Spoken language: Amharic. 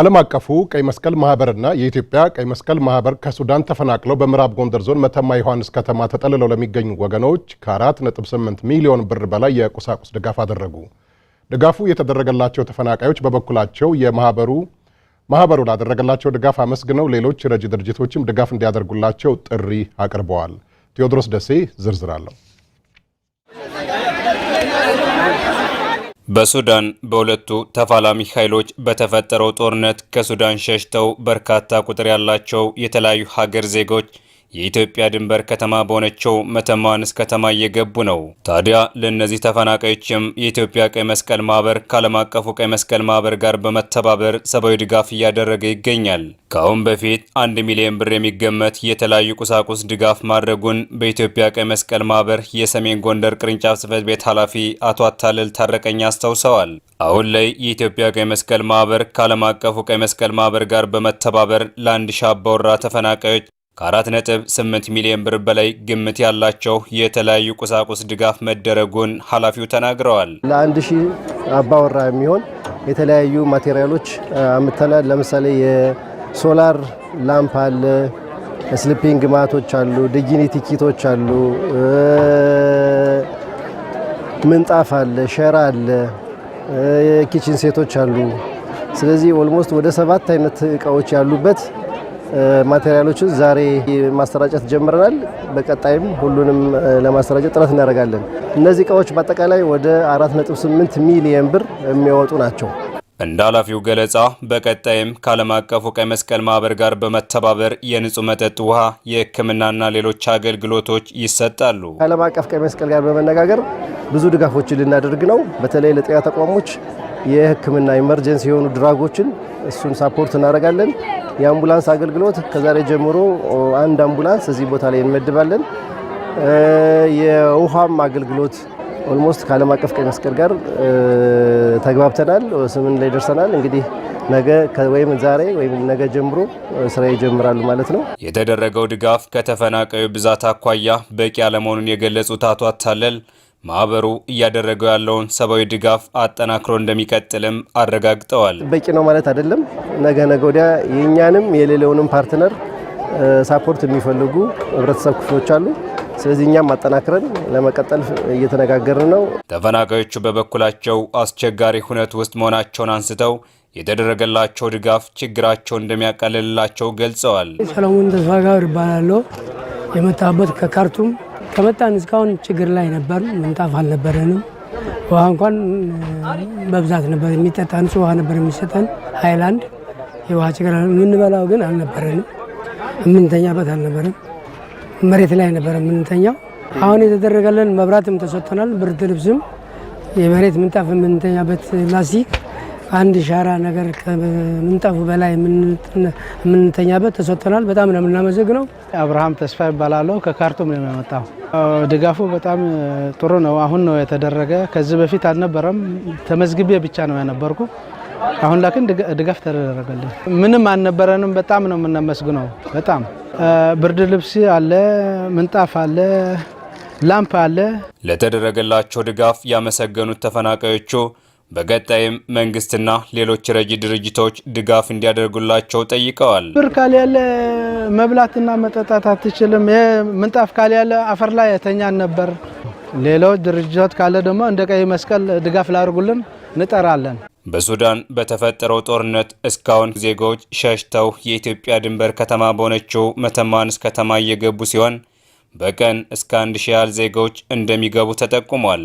ዓለም አቀፉ ቀይ መስቀል ማህበርና የኢትዮጵያ ቀይ መስቀል ማህበር ከሱዳን ተፈናቅለው በምዕራብ ጎንደር ዞን መተማ ዮሐንስ ከተማ ተጠልለው ለሚገኙ ወገኖች ከ4.8 ሚሊዮን ብር በላይ የቁሳቁስ ድጋፍ አደረጉ። ድጋፉ የተደረገላቸው ተፈናቃዮች በበኩላቸው የማህበሩ ማህበሩ ላደረገላቸው ድጋፍ አመስግነው ሌሎች ረጅ ድርጅቶችም ድጋፍ እንዲያደርጉላቸው ጥሪ አቅርበዋል። ቴዎድሮስ ደሴ ዝርዝር አለው። በሱዳን በሁለቱ ተፋላሚ ኃይሎች በተፈጠረው ጦርነት ከሱዳን ሸሽተው በርካታ ቁጥር ያላቸው የተለያዩ ሀገር ዜጎች የኢትዮጵያ ድንበር ከተማ በሆነችው መተማንስ ከተማ እየገቡ ነው። ታዲያ ለእነዚህ ተፈናቃዮችም የኢትዮጵያ ቀይ መስቀል ማህበር ከዓለም አቀፉ ቀይ መስቀል ማህበር ጋር በመተባበር ሰብአዊ ድጋፍ እያደረገ ይገኛል። ከአሁን በፊት አንድ ሚሊዮን ብር የሚገመት የተለያዩ ቁሳቁስ ድጋፍ ማድረጉን በኢትዮጵያ ቀይ መስቀል ማህበር የሰሜን ጎንደር ቅርንጫፍ ጽህፈት ቤት ኃላፊ አቶ አታልል ታረቀኝ አስታውሰዋል። አሁን ላይ የኢትዮጵያ ቀይ መስቀል ማህበር ከዓለም አቀፉ ቀይ መስቀል ማህበር ጋር በመተባበር ለአንድ ሺህ አባወራ ተፈናቃዮች ከአራት ነጥብ ስምንት ሚሊዮን ብር በላይ ግምት ያላቸው የተለያዩ ቁሳቁስ ድጋፍ መደረጉን ኃላፊው ተናግረዋል። ለአንድ ሺህ አባወራ የሚሆን የተለያዩ ማቴሪያሎች አምጥተናል። ለምሳሌ የሶላር ላምፕ አለ፣ ስሊፒንግ ማቶች አሉ፣ ዲግኒቲ ኪቶች አሉ፣ ምንጣፍ አለ፣ ሸራ አለ፣ ኪችን ሴቶች አሉ። ስለዚህ ኦልሞስት ወደ ሰባት አይነት እቃዎች ያሉበት ማቴሪያሎችን ዛሬ ማሰራጨት ጀምረናል። በቀጣይም ሁሉንም ለማሰራጨት ጥረት እናደርጋለን። እነዚህ እቃዎች በአጠቃላይ ወደ 4.8 ሚሊየን ብር የሚያወጡ ናቸው። እንደ ኃላፊው ገለጻ በቀጣይም ከዓለም አቀፉ ቀይ መስቀል ማህበር ጋር በመተባበር የንጹህ መጠጥ ውሃ፣ የሕክምናና ሌሎች አገልግሎቶች ይሰጣሉ። ከዓለም አቀፍ ቀይ መስቀል ጋር በመነጋገር ብዙ ድጋፎችን ልናደርግ ነው። በተለይ ለጤና ተቋሞች የህክምና ኢመርጀንሲ የሆኑ ድራጎችን እሱን ሳፖርት እናደርጋለን። የአምቡላንስ አገልግሎት ከዛሬ ጀምሮ አንድ አምቡላንስ እዚህ ቦታ ላይ እንመድባለን። የውሃም አገልግሎት ኦልሞስት ከዓለም አቀፍ ቀይ መስቀል ጋር ተግባብተናል፣ ስምን ላይ ደርሰናል። እንግዲህ ነገ ወይም ዛሬ ወይም ነገ ጀምሮ ስራ ይጀምራሉ ማለት ነው። የተደረገው ድጋፍ ከተፈናቃዩ ብዛት አኳያ በቂ አለመሆኑን የገለጹት አቶ አታለል ማህበሩ እያደረገው ያለውን ሰብአዊ ድጋፍ አጠናክሮ እንደሚቀጥልም አረጋግጠዋል። በቂ ነው ማለት አይደለም። ነገ ነገ ወዲያ የእኛንም የሌለውንም ፓርትነር ሳፖርት የሚፈልጉ ህብረተሰብ ክፍሎች አሉ። ስለዚህ እኛም አጠናክረን ለመቀጠል እየተነጋገርን ነው። ተፈናቃዮቹ በበኩላቸው አስቸጋሪ ሁነት ውስጥ መሆናቸውን አንስተው የተደረገላቸው ድጋፍ ችግራቸው እንደሚያቀልልላቸው ገልጸዋል። ሰለሞን ተስፋ ይባላለሁ። የመጣበት ከካርቱም ከመጣን እስካሁን ችግር ላይ ነበር። ምንጣፍ አልነበረንም። ውሃ እንኳን በብዛት ነበር የሚጠጣ ንጹህ ውሃ ነበር የሚሰጠን ሀይላንድ። የውሃ ችግር የምንበላው ግን አልነበረንም። የምንተኛበት አልነበረም። መሬት ላይ ነበር የምንተኛው። አሁን የተደረገልን መብራትም ተሰጥቶናል። ብርድ ልብስም የመሬት ምንጣፍ የምንተኛበት ላስቲክ አንድ ሻራ ነገር ከምንጣፉ በላይ የምንተኛበት ተሰጥቶናል። በጣም ነው የምናመሰግነው። አብርሃም ተስፋ ይባላለሁ። ከካርቱም ነው የመጣው። ድጋፉ በጣም ጥሩ ነው። አሁን ነው የተደረገ። ከዚህ በፊት አልነበረም። ተመዝግቤ ብቻ ነው የነበርኩ። አሁን ላክን ድጋፍ ተደረገልኝ። ምንም አልነበረንም። በጣም ነው የምናመስግነው። በጣም ብርድ ልብስ አለ፣ ምንጣፍ አለ ላምፕ አለ። ለተደረገላቸው ድጋፍ ያመሰገኑት ተፈናቃዮቹ በቀጣይም መንግስትና ሌሎች ረጂ ድርጅቶች ድጋፍ እንዲያደርጉላቸው ጠይቀዋል። ብር ያለ መብላትና መጠጣት አትችልም። ምንጣፍ ያለ አፈር ላይ የተኛን ነበር። ሌሎች ድርጅቶች ካለ ደግሞ እንደ ቀይ መስቀል ድጋፍ ላድርጉልን እንጠራለን። በሱዳን በተፈጠረው ጦርነት እስካሁን ዜጎች ሸሽተው የኢትዮጵያ ድንበር ከተማ በሆነችው መተማንስ ከተማ እየገቡ ሲሆን በቀን እስከ አንድ ሺህ ያህል ዜጎች እንደሚገቡ ተጠቁሟል።